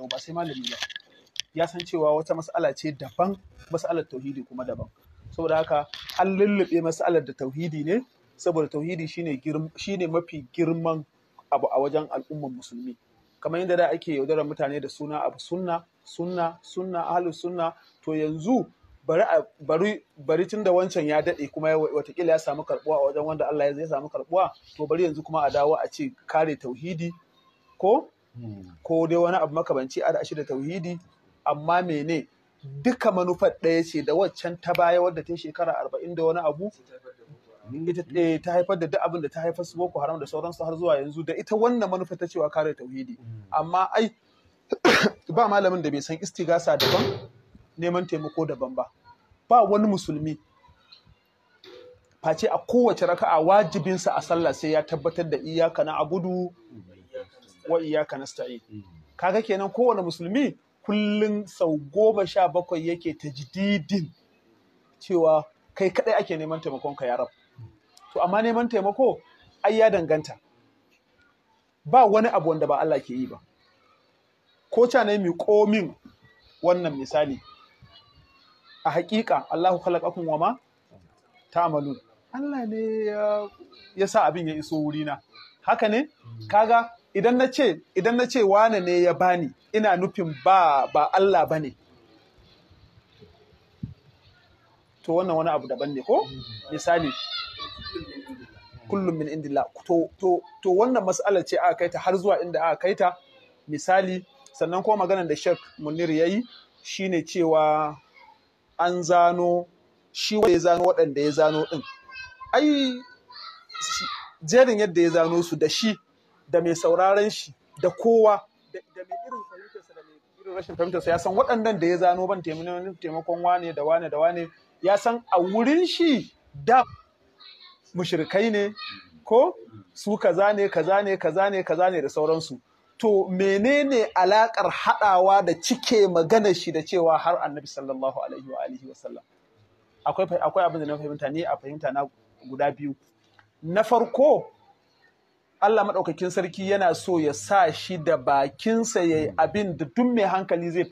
yau ba sai malami ba ya san cewa wata mas'ala ce daban mas'alar tauhidi kuma daban saboda haka an lulluɓe mas'alar da tauhidi ne saboda tauhidi shine shine mafi girman abu a wajen al'ummar musulmi kamar yadda da ake yaudarar mutane da suna abu sunna sunna sunna ahlus sunna to yanzu bari bari bari tun da wancan ya dade kuma watakila ya samu karbuwa a wajen wanda Allah ya samu karbuwa to bari yanzu kuma a dawo a ce kare tauhidi ko ko dai wani abu makamanci a shi da tauhidi amma mene duka manufar ɗaya ce da waccan ta baya wadda ta shekara arba'in da wani abu eh, ta haifar da duk abin da ta haifar su boko haram da sauransu har zuwa yanzu da ita wannan manufar ta cewa kare tauhidi amma ai ba malamin da bai san istigasa daban neman taimako daban ba ba wani musulmi face a kowace raka'a wajibinsa a sallah sai ya tabbatar da iyaka na gudu wa iyyaka nasta'in mm. kaga kenan kowane musulmi kullum sau goma sha bakwai yake ta jididin cewa kai kadai ake neman taimakon ka ya to amma neman taimako ai ya danganta ba wani abu wanda ba Allah ke yi ba ko ne mi komin wannan misali a haƙiƙa Allahu khalaqakum wama ta'malun Allah ne ya sa abin ya iso wurina haka ne mm. kaga idan na ce idan na ce wane ne ya bani ina nufin ba ba Allah ba ne. to wannan wani abu daban ne ko misali kullum min indila. to to to wannan mas'alar ce aka kaita har zuwa inda aka kaita misali sannan kuma maganar da Sheikh Munir yayi shine cewa an zano shi wanda ya zano waɗanda ya zano din ai jerin yadda ya zano su da shi da mai sauraron shi da kowa da mai irin fahimtarsa da mai irin rashin fahimtarsa ya san waɗannan da ya zano ban taimakon wane da wane da wane ya san a wurin shi da mushrikai ne ko su ka zane kaza ne kaza ne kaza ne da sauransu to menene alakar haɗawa da cike magana shi da cewa har annabi sallallahu alaihi wa alihi wa sallam akwai abin da na fahimta ne a fahimta na guda biyu na farko Allah maɗaukakin sarki yana so ya sa shi da bakinsa ya yi hmm. abin da duk mai hankali zai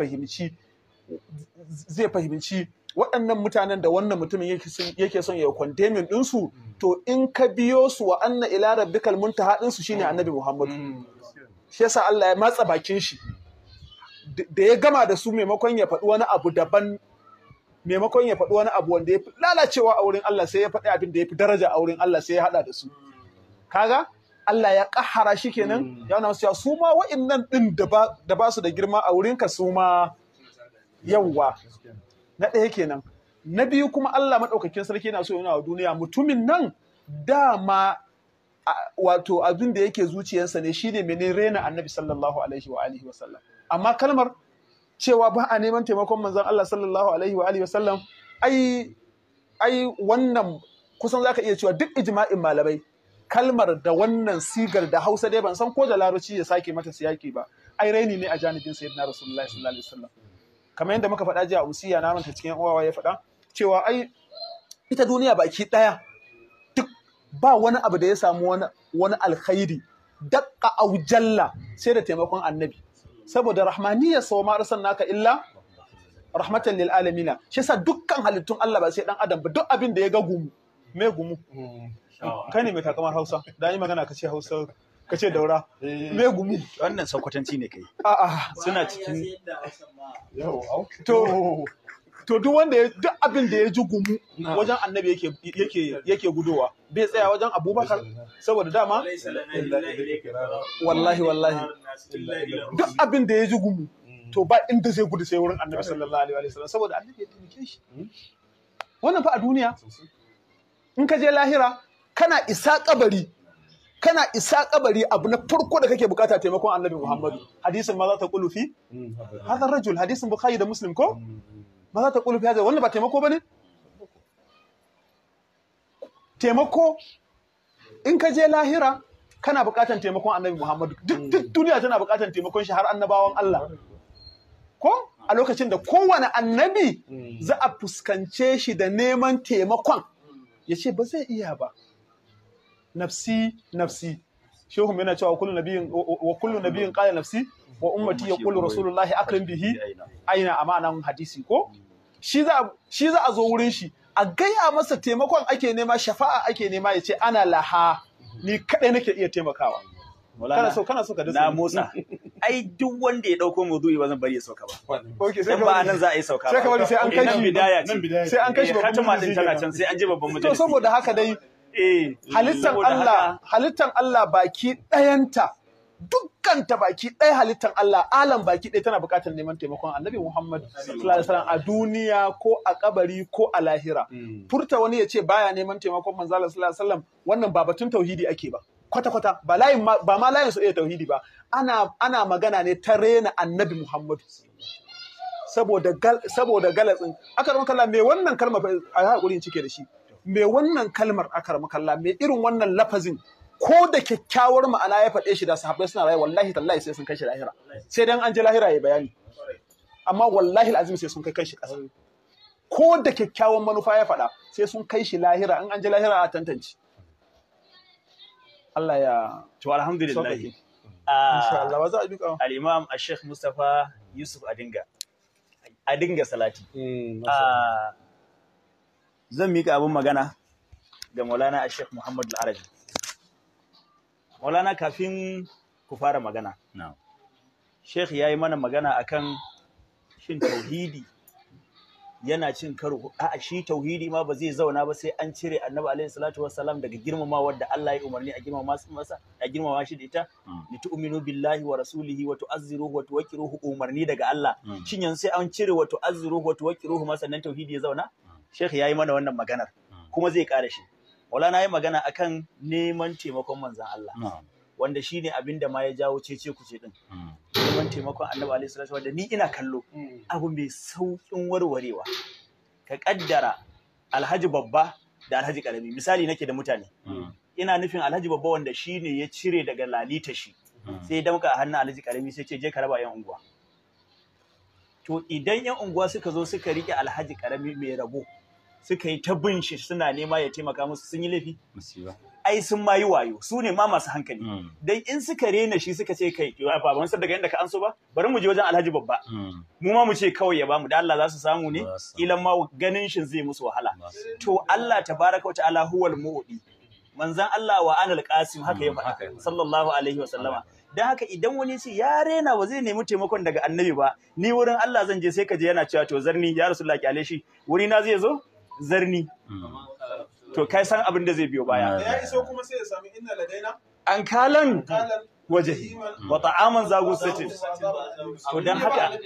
fahimci waɗannan mutanen da wannan mutumin yake son ya kwantemin ɗinsu hmm. to in ka biyo su wa anna ila rabbikal muntaha ɗinsu shine hmm. annabi Muhammadu shi yasa Allah ya matsa bakin shi da ya gama da su maimakon ya faɗi wani abu daban maimakon ya faɗi wani abu wanda ya fi lalacewa a wurin Allah sai ya faɗi abin da ya fi daraja a wurin Allah sai ya haɗa da su kaga Allah ya ƙahara shi kenan hmm. ya nuna cewa su ma nan ɗin da ba su da girma a wurinka su ma yawwa na ɗaya kenan na biyu kuma Allah maɗaukakin sarki yana so yana wa duniya mutumin nan dama wato abin da yake zuciyarsa ne shine mene rena annabi sallallahu alaihi wa alihi wa sallam amma kalmar cewa ba a neman taimakon manzon Allah sallallahu alaihi wa alihi wa sallam ai wannan kusan zaka iya cewa duk ijma'in malamai kalmar da wannan sigar da Hausa dai ban san ko da Laraci ya sake mata siyaki ba ai raini ne a janibin sayyidina Rasulullahi sallallahu alaihi wasallam kamar yadda muka faɗa jiya a usiya na manta cikin uwawa ya faɗa cewa ai ita duniya baki ɗaya duk ba wani abu da ya samu wani wani alkhairi daqa aw jalla sai da taimakon annabi saboda rahmaniyya sawa ma naka illa rahmatan lil alamina shi sa dukkan halittun Allah ba sai dan adam ba duk abin da ya ga gumu me gumu mm, kai ne mai takamar hausa da yi magana ka ce hausa ka ce daura eh. me gumu wannan sakwatanci ne kai a'a suna cikin to to duk wanda ya duk abin da ya ji gumu wajen annabi yake yake yake gudowa bai tsaya wajen abubakar saboda dama wallahi wallahi duk abin da ya ji gumu mm. to ba inda zai gudu sai wurin annabi sallallahu alaihi wasallam saboda annabi ya taimake shi mm. wannan fa a duniya in ka je lahira kana isa kabari kana isa kabari abu na farko da kake bukata taimakon annabi Muhammadu hadisin ma za ta kulufi hadha rajul hadisin bukhari da muslim ko ma za ta kulufi hadha wannan ba taimako bane taimako in ka je lahira kana bukatan taimakon annabi Muhammadu duk duk duniya tana bukatan taimakon shi har annabawan Allah ko a lokacin da kowane annabi za a fuskance shi da neman taimakon ya ce ba zai iya ba nafsi nafsi shehu yana cewa kullu nabiyin wa kullu nabiyin qala nafsi wa ummati yaqulu rasulullahi akrim bihi aina ma'anan hadisi ko shi za shi za a zo wurin shi a gaya masa taimakon ake nema shafa'a ake nema ya ce ana laha ni kadai nake iya taimakawa kana so kana so ka na motsa ai duk wanda ya dauko maudu'i ba zan bari ya sauka ba okay sai ba nan za a yi sauka sai kamar eh, sai an kai shi bidaya sai an kai shi babban hatima din tana can sai an je babban majalisa to saboda haka dai eh halittan Allah halittan Allah baki dayanta dukkanta baki ɗaya halittan Allah alam baki ɗaya tana buƙatar neman taimakon annabi Muhammad sallallahu alaihi a duniya ko a kabari ko a lahira hmm. furta wani ya ce baya neman taimakon manzo sallallahu alaihi wasallam wannan ba batun tauhidi ake ba kwata-kwata ba ma layin su iya tauhidi ba ana magana ne ta rena annabi Muhammadu saboda galatsin akaram kalla mai wannan kalmar a hakurin cike da shi mai wannan kalmar akaram kalla mai irin wannan lafazin ko da kyakkyawar ma'ana ya faɗe shi da sahabbai suna rayuwa wallahi tallahi sai sun kai shi lahira sai dan an je lahira ya bayani amma wallahi azim sai sun kai kai shi ƙasa ko da kyakkyawan manufa ya faɗa sai sun kai shi lahira in an je lahira a tantance Allah ya to alhamdulillah ah, insha Allah ba za a duka al-imam al-sheikh Mustafa Yusuf Adinga Adinga Salati mm, ah, zan mika abin magana ga Maulana al-sheikh Muhammad al-Arabi Maulana kafin ku fara magana sheikh yayi mana magana akan shin tauhidi yana cin karo a'a shi tauhidi ma ba zai zauna ba sai an cire annabi alaihi salatu wassalam daga girmama wadda Allah ya umarni a girmama masa a girmama shi da ita hmm. Litu tu'minu billahi wa rasulihi wa tu'azziruhu wa tuwaqqiruhu umarni daga Allah hmm. shin yanzu sai an cire wa tu'azziruhu wa tuwaqqiruhu ma sannan tauhidi ya zauna hmm. Sheikh yayi mana wannan maganar kuma zai kare shi na yi magana akan neman taimakon manzon Allah wanda shine abin da ma ya jawo cece kuce din kuma hmm. taimakon annabi alaihi salatu wanda ni ina kallo hmm. abu mai saukin warwarewa ka kaddara alhaji babba da alhaji karami misali nake da mutane hmm. ina nufin alhaji babba wanda ne ya cire daga lalita shi sai ya damka a hannun alhaji karami sai ce je ka raba yan unguwa to idan yan unguwa suka zo suka rike alhaji karami mai rabo suka yi ta bin shi suna nema ya taimaka musu sun yi laifi ai sun ma wayo su ne ma masu hankali hmm. dan in suka rena shi suka ce kai ba ban san daga inda ka anso ba bari mu je wajen Alhaji babba hmm. mu ma mu ce kawai ya bamu da Allah za su samu ne ilan ma ganin shin zai musu wahala to Allah tabaraka wa ta'ala huwal mu'di manzan Allah wa anal qasim hmm, haka ya faɗa sallallahu alaihi wa sallama don haka idan wani ce ya rena ba zai nemi taimakon daga annabi ba ni wurin Allah zan je sai ka je yana cewa to zarni ya rasulullahi alaihi wuri na zai zo zarni to kai san abin da zai biyo baya ya iso kuma sai ya sami inna ladaina an kalan wajahi wa ta'aman zagu satin to dan haka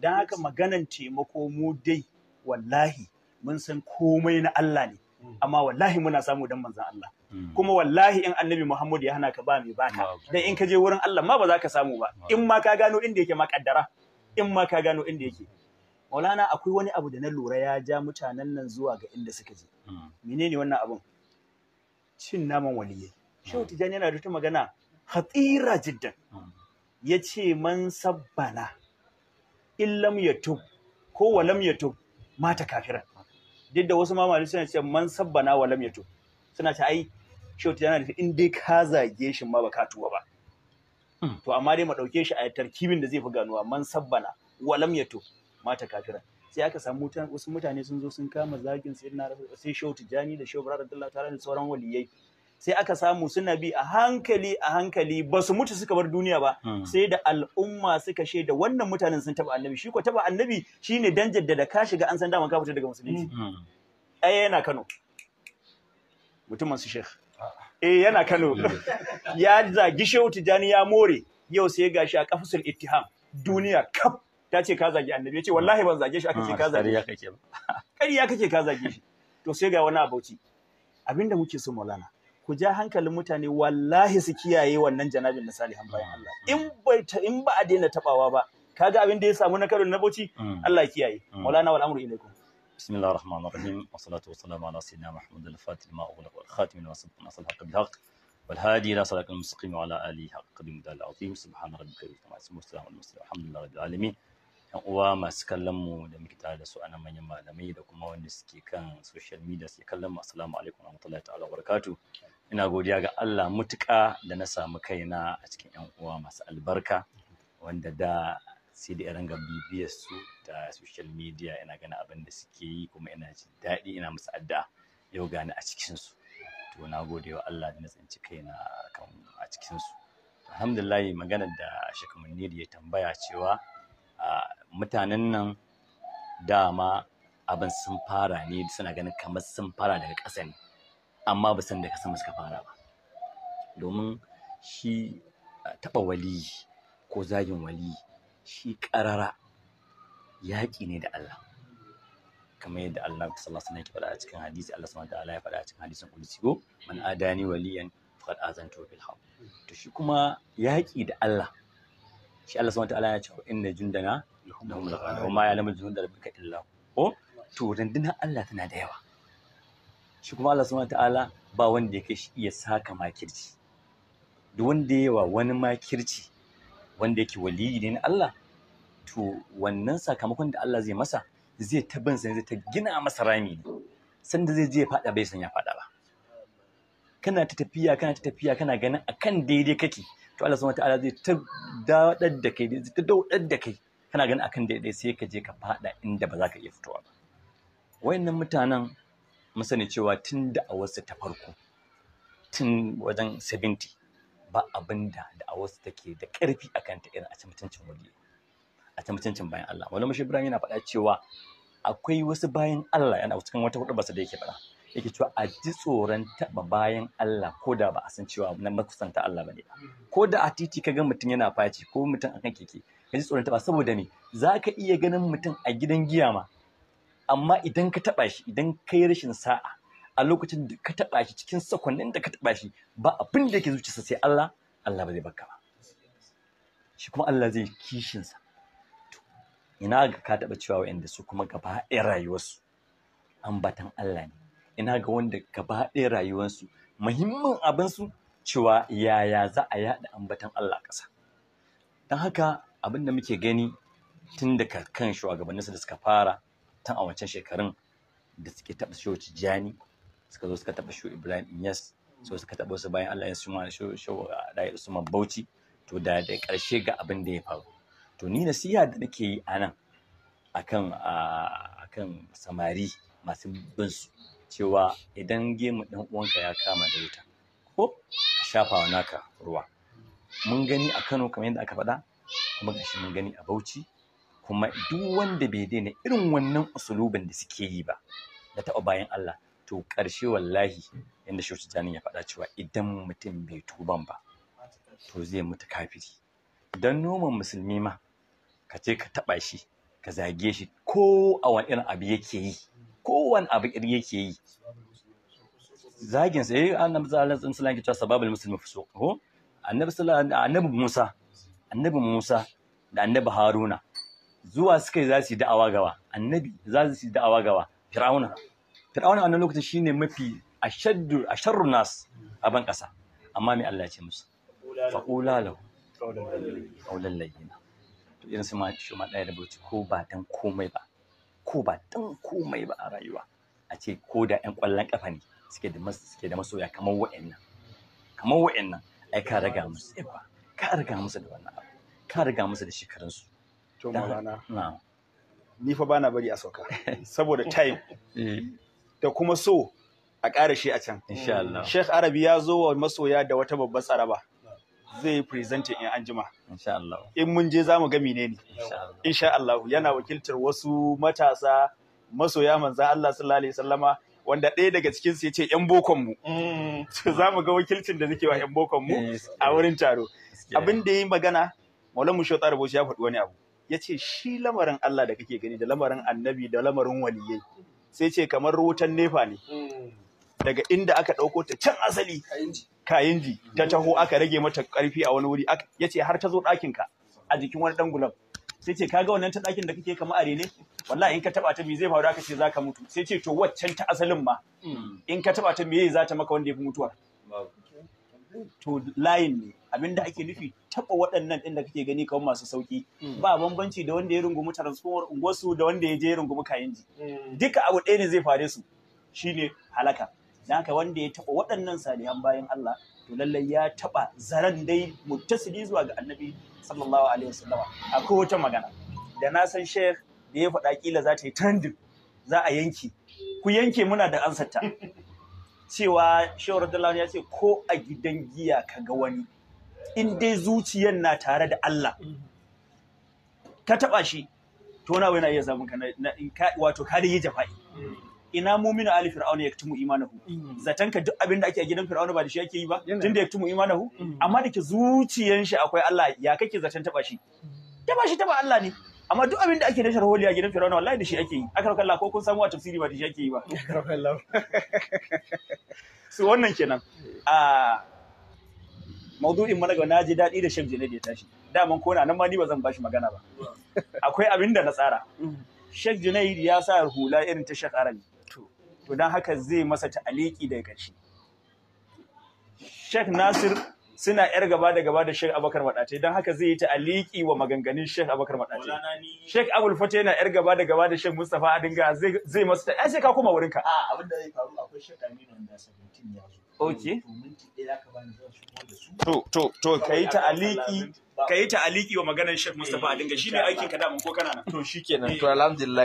dan haka maganan taimako mu dai wallahi mun san komai na Allah ne hmm. amma wallahi muna samu dan manzon Allah hmm. kuma wallahi in annabi Muhammad ya hana ka ba mai baka dan in ka je wurin Allah ma ba za ka samu ba in ma ka gano inda yake ma kaddara in ma ka gano inda yake maulana akwai wani abu da na lura ya ja mutanen nan zuwa ga inda suka je hmm. menene wannan abun cin naman waliyai hmm. shehu tijani yana da ta magana hatsira jiddan hmm. ya ce man sabbana illam yatub ko walam yatub mata kafiran duk da wasu mamali suna ce man sabbana walam yatub suna ce ai shehu tijani yana da in dai ka zage shi ma baka tuwa ba to amma dai ma dauke shi a tarkibin da zai fi ganuwa man sabbana walam yatub mata kafiran sai aka samu wasu mutane sun zo sun kama zagin sayyidina sai shehu tijani da shehu radiyallahu ta'ala da sauran waliyai sai aka samu suna bi a hankali a hankali ba su mutu suka bar duniya ba hmm. sai da al'umma suka shaida wannan mutanen sun taba annabi shi ko taba annabi shine dan jaddada ka shiga an san dama ka fita daga musulunci ɗaya hmm. hmm. eh, yana Kano mutumin su sheikh ah. eh yana Kano ya zagi shehu tijani ya more yau sai gashi a kafusul ittiham duniya kaf ta ce ka zage annabi ya ce wallahi ban zage shi aka ce ah, ka zage shi ƙarya kake ka zage shi to sai ga wani abauci abinda muke so maulana ku ja hankalin mutane wallahi su kiyaye wannan janabin na salihan bayan Allah in bai in ba a daina tabawa ba kaga abin da ya samu na karin na bauchi mm. Allah ya kiyaye mm. maulana wal amru ilaikum بسم الله الرحمن الرحيم والصلاة والسلام على سيدنا محمد الفاتح لما أغلق والخاتم لما سبق نصر الحق بالحق والهادي إلى صراط المستقيم وعلى آله حق قديم العظيم سبحان ربك رب العزة والسلام على المرسلين لله رب العالمين 'yan uwa masu kallon mu da muke tare da su a nan manyan malamai da kuma wanda suke kan social media suke kallon mu assalamu alaikum wa rahmatullahi ta'ala barakatu ina godiya ga Allah mutuƙa da na samu kaina a cikin 'yan uwa masu albarka wanda da sai da irin ga bibiyar su ta social media ina gani abin da suke yi kuma ina jin daɗi ina musu addu'a yau gani a cikin su to na gode wa Allah da na tsinci kaina kan a cikin su alhamdulillah maganar da shekamanni ya tambaya cewa mutanen nan dama abin sun fara ne suna ganin kamar sun fara daga ƙasa ne amma ba san daga sama suka fara ba domin shi taɓa wali ko zagin wali shi ƙarara yaƙi ne da Allah kamar yadda Allah sallallahu alaihi wasallam ya a cikin hadisi Allah subhanahu wataala ya faɗa a cikin hadisin qudsi go man adani waliyan faqad azantu bil haqq to shi kuma yaƙi da Allah shi Allah subhanahu wataala ya ce inna jundana lahumul ma ya'lamu jundana rabbika illa ko oh, to rundunar Allah tana da yawa shi kuma Allah subhanahu wataala ba wanda ya kai shi iya saka makirci duk wanda yawa wani makirci wanda yake waliyi ne na Allah to wannan sakamakon da Allah zai masa zai ta bin zai ta gina masa rami sanda zai je ya fada bai san ya faɗa ba kana ta tafiya kana ta tafiya kana ganin akan daidai kake to Allah subhanahu wataala zai ta dawadar da kai zai ta daudar da kai kana ganin akan daidai sai ka je ka fada inda ba za ka iya fitowa ba wayannan mutanen mun sani cewa tun da a wasu ta farko tun wajen 70 ba abin da da a wasu take da karfi akan ta irin a ci mutuncin wuri a ci mutuncin bayan Allah wani mashi Ibrahim yana faɗa cewa akwai wasu bayan Allah yana cikin wata hudu ba su da yake faɗa yake cewa a ji tsoron taɓa bayan Allah ko da ba a san cewa na makusanta Allah ba ne ko da a titi ka ga mutum yana faci ko mutum akan keke ka ji tsoron taɓa saboda me za ka iya ganin mutum a gidan giya ma amma idan ka taɓa shi idan ka yi rashin sa'a a lokacin da ka taɓa shi cikin sakonnin da ka taɓa shi ba abin da yake sa, sai Allah Allah ba zai baka ba shi kuma Allah zai kishinsa ina ga ka taɓa cewa wa'anda su kuma gaba ɗaya rayuwarsu ambatan Allah ne ina ga wanda gaba ɗaya rayuwarsu muhimmin abinsu cewa yaya za a yaɗa ambatan Allah ƙasa don haka abin da muke gani tun daga kan shugabanninsu da suka fara tun a wancan shekarun da suke taɓa shehu Tijjani suka zo suka taɓa shehu Ibrahim Inyas so suka taɓa su bayan Allah ya suma shehu su Usman Bauchi to da da ƙarshe ga abin da ya faru to ni nasiha da nake yi a nan akan akan samari masu bin cewa idan gemu ɗan uwanka ya kama da wuta ko ka shafa wa naka ruwa mun gani a Kano kamar yadda aka faɗa kuma gashi mun gani a Bauchi kuma duk wanda bai daina irin wannan usulubin da suke yi ba da taɓa bayan Allah to ƙarshe wallahi yadda Shehu Tijjani ya faɗa cewa idan mutum bai tuban ba to zai mutu kafiri dan noman musulmi ma ka ce ka taɓa shi ka zage shi ko a wani irin abu yake yi kowane abu ƙirgi yake yi zagin sa eh annabi sallallahu alaihi wasallam ke cewa sababul muslimu fusuq ko annabi sallallahu annabi Musa annabi Musa da annabi Haruna zuwa suka yi za su yi da'awa gawa annabi za su yi da'awa gawa fir'auna fir'auna a wannan lokacin shine mafi ashaddu asharru nas a ban kasa amma me Allah ya ce musu faqula lahu qawlan layyina to irin su ma shi ma da bauti ko ba dan komai ba ko ba dan mm. komai ba a rayuwa a ce ko da yan kwallon kafa ne suke da suke da masoya kamar wa'annan kamar wa'annan ai ka riga musu ba ka riga musu da wannan abu ka riga musu da shekarun su to malana ni fa bana bari a sauka saboda time eh. da kuma so a ƙara shi a can. Insha Allah. Sheikh Arabi ya zo wa masoya da wata babbar tsaraba. zai presenting in anjima insha in mun je za mu ga menene insha Allah yana wakiltar wasu matasa masoya manza Allah sallallahu alaihi wasallama wanda ɗaya daga cikin ya ce yan bokon mu mm. za mu ga wakilcin da suke wa yan bokon mu a wurin taro abin da yi magana Maulana Musho Tsarabo ya faɗi wani abu Ya ce shi lamarin Allah da kake gani da lamarin annabi da lamarin waliyai sai ce kamar rutan nefa ne mm. daga inda aka ɗauko ta can asali ji ta taho aka rage mata karfi a wani wuri ya ce har ta zo ɗakinka a jikin wani ɗan gulab sai ce kaga wannan ta ɗakin da kake kama are ne wallahi in ka taba ta me zai faru aka ce za ka mutu sai ce to waccan ta asalin ma hmm. in ka taba ta me za ta maka wanda ya fi mutuwa to layin ne abinda ake nufi taba waɗannan ɗin da kake gani kawai masu sauki hmm. ba bambanci da wanda ya rungumi transformer unguwarsu da wanda ya je ya rungumi kayan ji hmm. duka abu ɗaya ne zai fare su shine halaka dan haka wanda ya taɓa waɗannan salihan bayan Allah to lallai ya taɓa zaran dai muttasili zuwa ga annabi sallallahu alaihi wasallama akwai wata magana da na san sheikh da ya faɗa kila za ta yi trending za a yanke ku yanke muna da ansarta cewa shehu radallahu ya ce ko a gidan giya ka ga wani in dai zuciyar na tare da Allah ka taɓa shi to na wani iya in ka wato ka da yi jafa'i ina muminu ali fir'auna yaktumu imanahu mm. zatan ka duk abin da ake a gidan fir'auna ba da shi yake yi ba tunda yaktumu imanahu mm. amma da ke zuciyan shi akwai Allah ya kake zatan taba shi mm. taba shi taba Allah ne amma duk abin da ake da sharholi a gidan fir'auna wallahi da shi ake yi akar kallah ko kun samu a tafsiri ba da shi yake yi ba so wannan kenan a ah, maudu'in mana na ji daɗi da shamsi ne da ya tashi daman kona nan ma ni ba zan bashi magana ba akwai abin da na tsara shek Junaid ya sa hula irin ta shek Arabi to don haka zai masa ta'aliki daga ƙarshe Sheikh Nasir suna yar gaba da gaba da Sheikh Abubakar Madatai don haka zai yi ta'aliki wa maganganun Sheikh Abubakar Madatai Sheikh Abul Fatah yana yar gaba da gaba da Sheikh Mustapha Adinga zai masa ta sai ka koma wurinka a abin da zai faru akwai Sheikh Aminu wanda 17 ya zo Okay. To, to, to, ka yi ta'aliki, ka yi ta'aliki wa maganar Sheikh Mustapha Adinga, shi ne eh, aikin ka damun ko kana nan. To, shi kenan, to, alhamdulillah.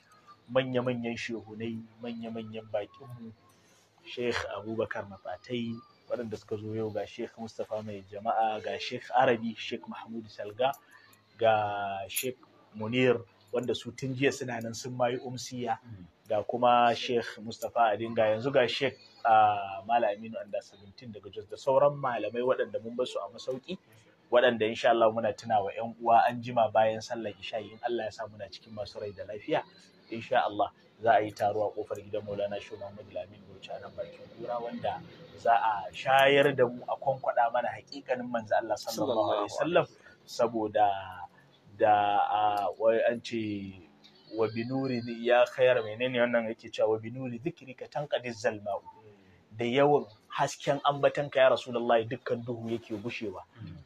manya-manyan shehunai manya-manyan baƙinmu Sheikh Abubakar Mafatai waɗanda suka zo yau ga Sheikh Mustapha mai jama'a ga Sheikh Arabi Sheikh Mahmud Salga ga Sheikh Munir wanda su tun jiya suna nan sun mayi umsiya ga kuma Sheikh Mustapha Adinga yanzu ga Sheikh aminu Anda 17 daga Jos da sauran malamai waɗanda mun basu a masauki waɗanda insha Allah muna tunawa 'yan uwa an jima bayan sallar isha'i in Allah ya sa muna cikin masu rai da lafiya insha Allah za a yi taro a kofar gidan Maulana Shehu Muhammad Lamin Bauchi a nan bakin kura wanda za a shayar da mu a kwankwada mana hakikanin manzo Allah sallallahu alaihi wasallam saboda da an ce wa binuri ya khayar menene wannan yake cewa wa binuri ka tanqadiz zalma hmm. da yawan hasken ka ya rasulullahi dukkan duhu yake gushewa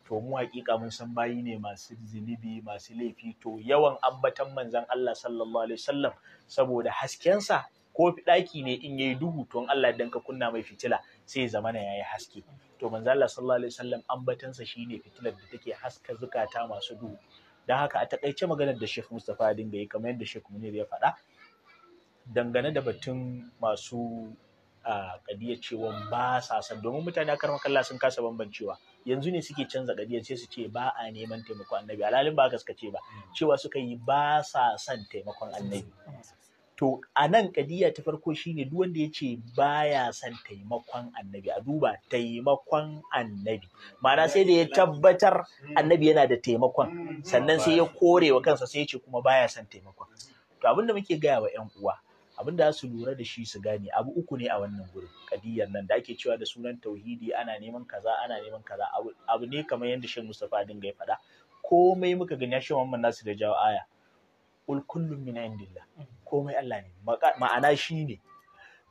to mu hakika mun san bayi ne masu zunubi masu laifi to yawan ambatan manzon Allah sallallahu alaihi wasallam saboda haskensa ko ɗaki ne in yayi duhu to Allah dan ka kunna mai fitila sai ya zamana yayi haske to manzon Allah sallallahu alaihi wasallam ambatansa shine fitilar da take haska zukata masu duhu dan haka a takaice maganar da Sheikh Mustafa dinga yi kamar yadda Sheikh Munir ya faɗa dangane da batun masu kadiyar cewa ba sa san domin mutane a karma kalla sun kasa bambancewa yanzu ne suke canza kadiyar sai su ce ba a neman taimakon annabi al'alin ba gaskace ba mm. cewa suka yi ba sa san taimakon annabi mm. to a nan kadiya ta farko shine duk wanda ya ce baya son taimakon annabi a duba taimakon annabi ma'ana sai da ya tabbatar mm. annabi yana da taimakon sannan sai ya kore wa kansa sai ya ce kuma baya son taimakon to abinda muke gaya wa 'yan uwa abin da su lura da shi su gane abu uku ne a wannan gurin kadiyar nan da ake cewa da sunan tauhidi ana neman kaza ana neman kaza abu ne kamar yadda shan Mustapha dinga ya faɗa komai muka gani ya shi Muhammad nasu da jawo aya ul kullum min indillah komai Allah ne ma'ana shi ne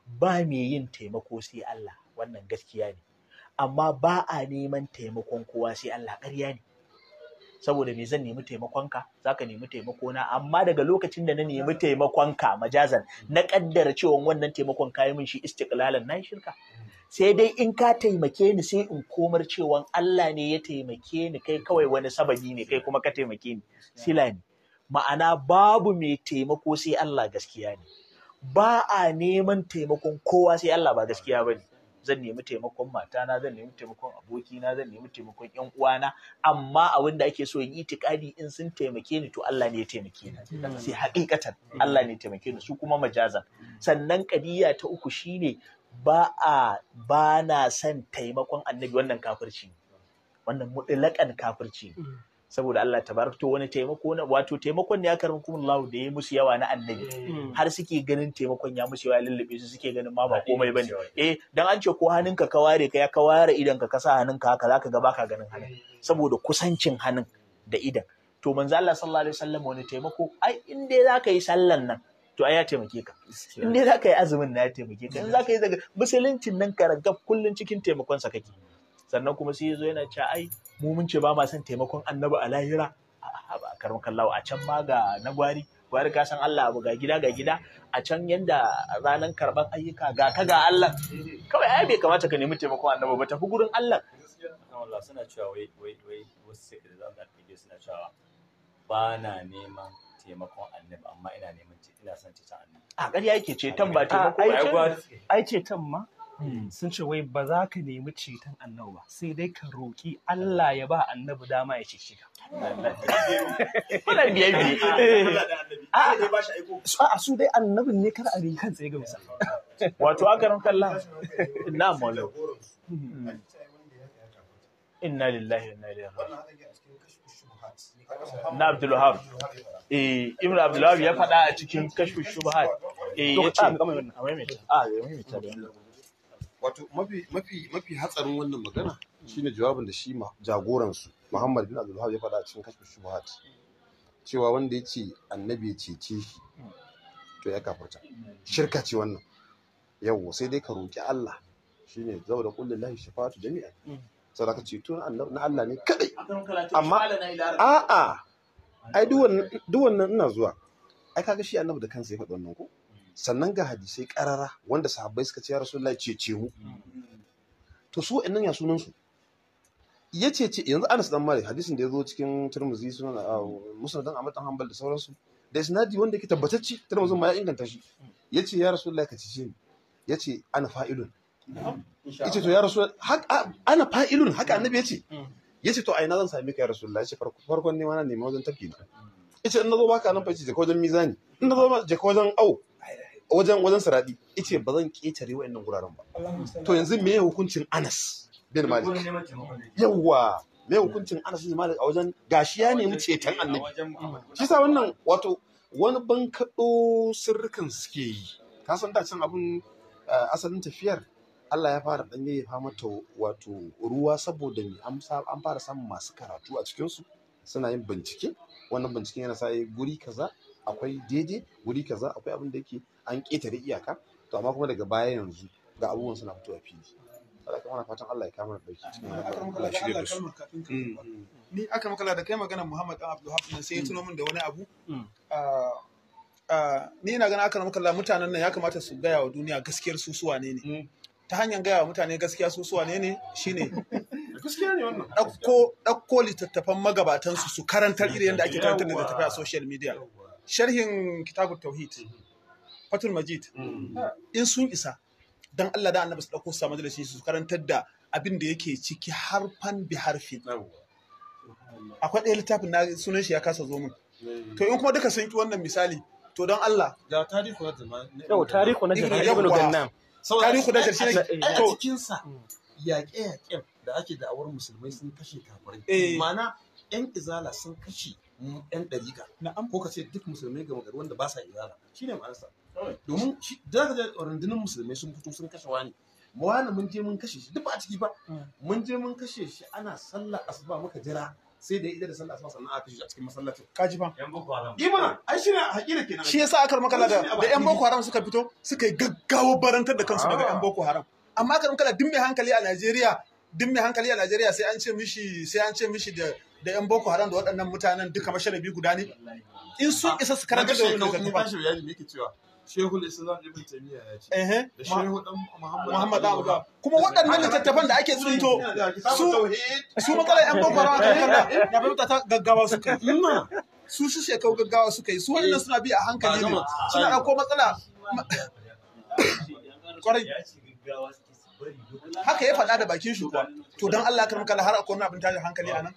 ba me yin taimako sai Allah wannan gaskiya ne amma ba a neman taimakon kowa sai Allah ƙarya ne saboda me zan nemi taimakonka ka nemi taimako na amma daga lokacin da na nemi taimakonka majazan na kaddara cewa wannan taimakon kayi min shi istiklalan na shirka sai dai in ka taimake ni sai in komar cewa Allah ne ya taimake ni kai kawai wani sababi ne kai kuma ka taimake ni sila ne ma'ana babu mai taimako sai Allah gaskiya ne ba a neman taimakon kowa sai Allah ba gaskiya ba ne zan nemi taimakon matana zan nemi taimakon abokina zan nemi taimakon yan uwana amma abin da ake so in itikadi in sun taimake ni to Allah ne ya taimake ni sai hakikatan Allah ne ya taimake ni su kuma majazan sannan kadiya ta uku shine ba a ba na son taimakon annabi wannan kafirci wannan mutlakan kafirci ne mm. saboda Allah ta to wani taimako na wato taimakon ne ya karin Allah da ya musu yawa na annabi mm. har suke ganin taimakon ya musu yawa lullube su suke ganin ma ba komai bane eh dan an ce ko hannunka ka ware ka ya ka ware idan ka kasa hannunka haka zaka ga baka ganin hannun mm. saboda kusancin hannun da idan to manzo Allah sallallahu alaihi wasallam wani taimako ai in dai zaka yi sallan nan to ai ya taimake ka in dai zaka yi azumin na ya taimake ka in zaka yi daga musuluncin nan karagab kullun cikin taimakon sa kake sannan kuma sai yazo yana cewa ai mu mun ce ba ma son taimakon annabi a lahira a ba karin kallawa a can ma ga na gwari gwari ka san Allah abu ga gida ga gida a can yanda ranar karban ayyuka ga ka ga Allah kawai ai bai kamata ka nemi taimakon annabi ba tafi gurin Allah Allah suna cewa wai wai wai wasu sai da za ka suna cewa ba na neman taimakon annabi amma ina neman ina son ta annabi a ƙarya yake ceton ba taimako ai ceton ma Hmm. sun ce wai ba za ka nemi ceton annabi ba sai dai ka roƙi Allah ya ba annabi dama ya ce shiga. wannan biyar biyar eh. a su dai annabin ne kar a ri kan tsaye ga wato aka ran kalla na maulau hmm. inna lillahi inna ilaihi na abdul wahab eh ya faɗa a cikin kashfu shubuhat eh yace a mai a mai mai wato mafi mafi mafi hatsarin wannan magana shine jawabin da shi jagoran su Muhammad bin Abdul ya faɗa cikin kashf shubuhat cewa wanda ya ce annabi ya cece shi to ya kafarta shirka ce wannan yawo sai dai ka roki Allah shine zaura kullu lahi shafatu jami'an sadaka ceto na Allah ne kadai amma a'a ai duk wannan ina zuwa ai kaga shi annabi da kansa ya faɗa wannan ko sannan ga hadisai karara wanda sahabbai suka ce ya rasu lai cece mu to su wa'annan ya sunan su ya cece yanzu Anas dan mali hadisin da ya zo cikin suna sunan ah, na dan Ahmad dan Hanbal da sauransu da isnadi wanda yake tabbatacce turmuzin ma ya inganta shi Ya ce ya rasu lai ka cece ni ce ana fa'ilun ya ce to ya rasu ana fa'ilun haka annabi Ya ce to a ina zan sami ka ya rasulullah ce farkon ne ma na nemi wajen tafki na yace in nazo baka nan fa ce je ka wajen mizani in zo ma je ka wajen au wajen wajen saradi yace ba zan ketare wayannan guraren ba to yanzu me hukuncin Anas bin Malik yawa me hukuncin Anas bin Malik a wajen gashi ya nemi ceton Annabi shi sa wannan wato wani bankaɗo sirrukan suke yi ka san da cin abun eh, asalin tafiyar Allah ya fara ɗan fama mata wato ruwa saboda ni an fara samun masu karatu a cikin su suna yin bincike wannan binciken yana sa guri kaza akwai daidai wuri kaza akwai abin da yake an ƙetare iyaka to amma kuma daga baya yanzu ga abubuwan suna fitowa fili Allah kuma fatan Allah ya kama da dauki cikin Allah shirye da su mm, mm. ni aka makala da kai magana Muhammad dan Abdul Hafiz sai ya tuno min da wani abu mm. ah, ah, ni ina ganin aka makala mutanen nan ya kamata su gaya wa duniya gaskiyar su suwa ne ne ta hanyar gaya wa mutane gaskiya su suwa ne ne shine gaskiya ne wannan ɗauko littattafan magabatansu su karantar irin da ake karantar da tafiya a social media sharhin kitabut tauhid fatul majid mm. in sun isa dan Allah da annabi su dauko su samu su karantar da abin da yake ciki harfan bi harfi akwai ɗaya littafin na sunan shi ya kasa zo min to in kuma duka sun ki wannan misali to don Allah ga tarihu na jama'a yau tarihu na jama'a ibnu gannam tarihu na jama'a to cikin sa yaƙe yaƙen da ake da awar musulmai sun kashe kafirai eh. ma'ana yan izala sun kashe yan ɗarika ko ka ce duk musulmai gama gari wanda ba sa izala shi ne ma'anarsa domin da ka ga rundunar musulmai sun fito sun kashe wani mawana mun je mun kashe shi duk ba a ciki ba hmm. mun je mun kashe shi ana sallah asuba muka jira sai da ita da sallah asuba sannan aka kashe a cikin masallacin kaji ba yan boko haram ima ai shi ne hakika kenan shi yasa aka makala da da yan boko haram suka fito suka yi gaggawa barantar da kansu daga yan boko haram amma aka makala duk mai hankali a Najeriya duk mai hankali a Najeriya sai an ce mishi sai an ce mishi da da yan boko haram da waɗannan mutanen duka masharabi guda ne in sun isa su karanta da wani littattafan ba. Shehu Islam Ibn Taymiyyah ya ce. Eh Da Shehu dan Muhammad Abu Kuma waɗannan littattafan da ake tsinto su su matsalar yan boko haram da ya fahimta ta gaggawa su kai. Su su shekau gaggawa su kai su waɗannan suna bi a hankali ne suna ɗauko matsala. Kwarai. Haka ya faɗa da bakin shugaba. To don Allah karmaka har akwai wani abin tashin hankali a nan.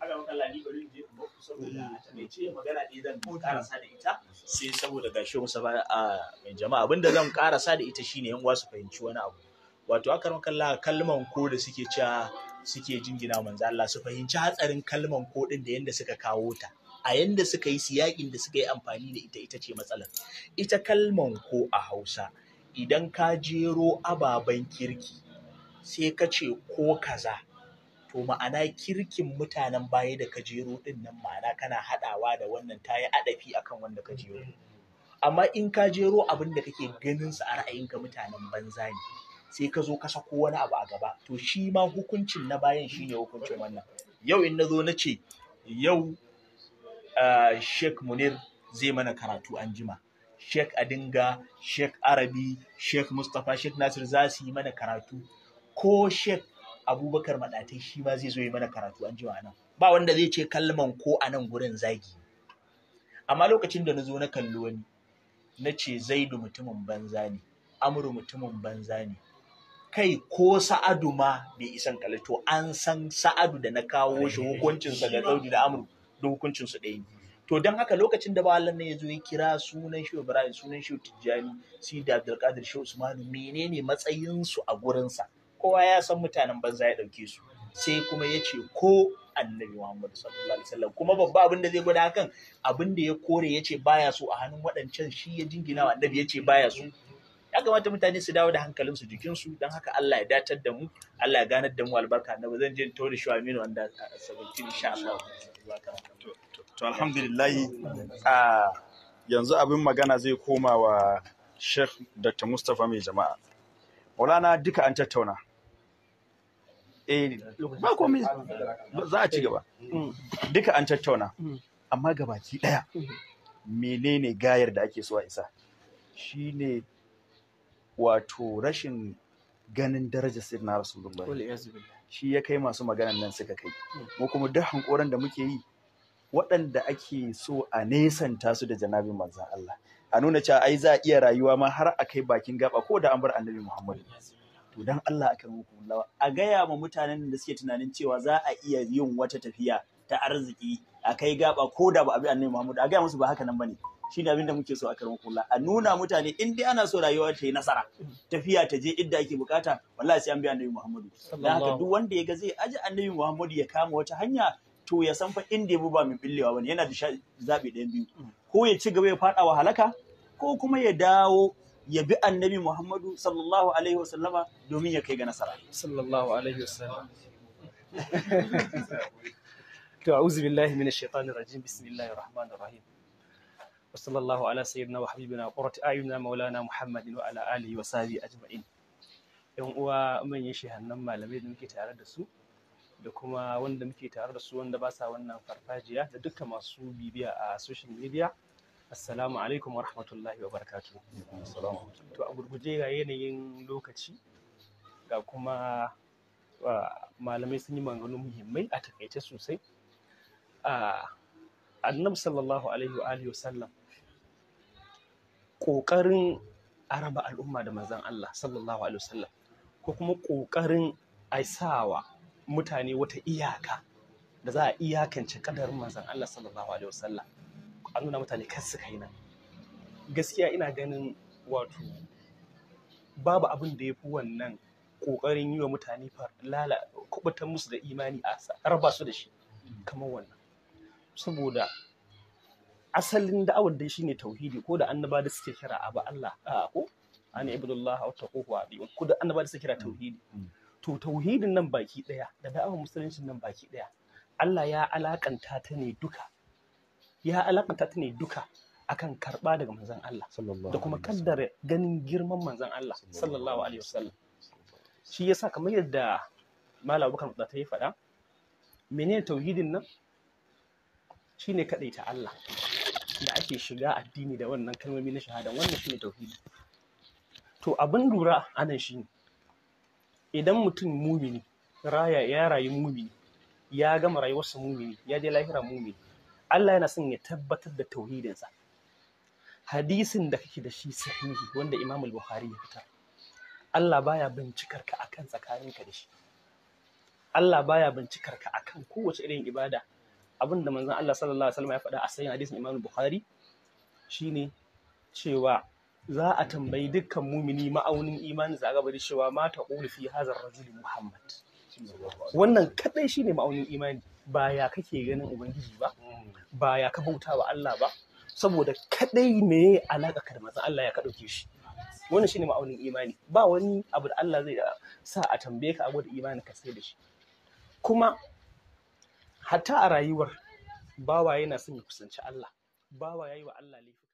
haka maka lani bari je ku saboda a ce magana ɗaya zan karasa da ita sai saboda gashi musa ba a mai jama'a abinda zan karasa da ita shine yan su fahimci wani abu wato aka maka la kalman ko da suke cewa suke jingina manzo Allah su fahimci hatsarin kalman ko din da yanda suka kawo ta a yanda suka yi siyakin da suka yi amfani da ita ita ce matsalar ita kalman ko a Hausa idan ka jero ababen kirki sai ka ce ko kaza to ma'ana kirkin mutanen baya da kajero din nan ma'ana kana haɗawa da wannan ta yi adafi akan wanda kajero mm-hmm. amma in ka jero abin da kake ganin sa a ra'ayinka mutanen banza ne sai ka zo ka sako wani abu a gaba to shi ma hukuncin na bayan shi ne hukuncin wannan yau in nazo nace na ce yau Sheikh Munir zai mana karatu an jima Sheikh Adinga Sheikh Arabi Sheikh Mustapha Sheikh Nasir za su yi mana karatu ko Sheikh abubakar maɗatai shi ma zai zo yi mana karatu an jima nan ba wanda zai ce kalman ko a nan gurin zagi amma lokacin da na zo na kallo wani na ce zaidu mutumin banza ne amru mutumin banza ne kai ko sa'adu ma bai isan kalli to an san sa'adu da na kawo shi hukuncinsa ga zaidu da amru da hukuncinsu ɗaya ne to don haka lokacin da bawan nan ya zo ya kira sunan shi Ibrahim sunan shi Tijjani si da Abdulkadir shi Usmanu menene matsayinsu a gurinsa kowa ya san mutanen banza ya ɗauke su sai kuma ya ce ko annabi Muhammadu sallallahu alaihi wasallam kuma babba abin da zai gwada kan abin da ya kore ya ce baya so a hannun waɗancan shi ya jingina wa annabi ya ce baya su. ya kamata mutane su dawo da hankalinsu jikinsu don haka Allah ya datar da mu Allah ya ganar da mu albarka na zan je tauri shi aminu wanda sabbin insha Allah to alhamdulillah yanzu abin magana zai koma wa Sheikh Dr. mustafa mai jama'a Maulana duka an tattauna eh ba komai za a gaba mm. duka an tattauna mm. amma gabaki daya mm. menene gayar da ake so a isa shine wato rashin ganin darajar sirna rasulullah shi ya kai masu maganan nan suka kai mu kuma duk hankoran da muke yi waɗanda ake so a nesanta su da janabin manzan Allah a nuna cewa ai za a iya rayuwa ma har a kai bakin gaba ko da an bar annabi Muhammadu. to dan Allah aka muku lawa a gaya ma mutanen da suke tunanin cewa za a iya yin wata tafiya ta arziki a kai gaba ko da ba abi annabi Muhammad a gaya musu ba haka nan bane shi ne abinda muke so a karin kula a nuna mutane in dai ana so rayuwa ta yi nasara tafiya ta je inda ake bukata wallahi sai an bi annabi Muhammadu dan haka duk wanda ya ga zai aji annabi Muhammadu ya kama wata hanya to ya san fa inda ya ba mai billewa bane yana da zabi ɗayan biyu mm. ko ya ci gaba ya faɗa wa halaka ko kuma ya dawo ya bi annabi Muhammadu sallallahu alaihi wasallama domin ya kai ga nasara. Sallallahu alaihi wasallam. To a'udhu billahi minash shaitanir rajim bismillahir rahmanir rahim. Wa sallallahu ala sayyidina wa habibina qurrat ayunina maulana Muhammadin wa ala alihi wa sahbihi ajma'in. Yan uwa manyan shehannan malamai da muke tare da su da kuma wanda muke tare da su wanda ba sa wannan farfajiya da dukkan masu bibiya a social media. Assalamu alaikum wa rahmatullahi wa barakatu. To a gurguje ga yanayin lokaci ga kuma malamai sun yi maganganu muhimmai a takaice sosai. Annabi sallallahu alaihi wa sallam ƙoƙarin araba al'umma da manzan Allah sallallahu alaihi wa sallam ko kuma ƙoƙarin aisawa mutane wata iyaka da za a iyakance kadarin manzan Allah sallallahu alaihi wa sallam. a nuna mutane kar su kai nan gaskiya ina ganin wato babu abin da ya fi wannan ƙoƙarin yi wa mutane lala kubutan musu da imani a raba su da shi kamar wannan saboda asalin da'awar dai shine tauhidi ko da annaba da suke kira abu Allah a ko ana ibudullah wa wa ko da annaba da suke kira tauhidi mm. to tauhidin nan baki daya da da'awar musulunci nan baki daya Allah ya alakanta ta ne duka ya alakanta ta ne duka akan karɓa daga manzon Allah da kuma kaddara ganin girman manzon Allah sallallahu alaihi wasallam shi yasa kamar yadda malam Abubakar ta yi faɗa menene tauhidin nan shine ta Allah da ake shiga addini da wannan kalmomi na shahada wannan shine tauhidi to abin lura anan shine idan mutum mumini ya rayu mumini ya gama rayuwarsa mumini ya je lahira mumini Allah yana son ya tabbatar da tauhidinsa hadisin da kake da shi sahihi wanda Imam al Bukhari ya fitar Allah baya bincikar ka akan tsakaninka da shi Allah baya bincikar ka akan kowace irin ibada abin da manzon Allah sallallahu alaihi wasallam ya faɗa a sahihin hadisin Imam al Bukhari shine cewa za a tambayi dukkan mumini ma'aunin imani za ga da cewa mata qulu fi hazar rajul Muhammad wannan kadai shine ma'aunin imani ba ya kake ganin ubangiji ba mm. ba ya ka bauta wa Allah ba saboda kadai me alaka ka da manzon Allah ya ka dauke shi wannan shine ma'aunin imani ba wani abu da Allah zai ah, sa a tambaye ka abu da imani ka sai da shi kuma hatta a rayuwar bawa yana son ya kusanci Allah bawa yayi wa Allah laifi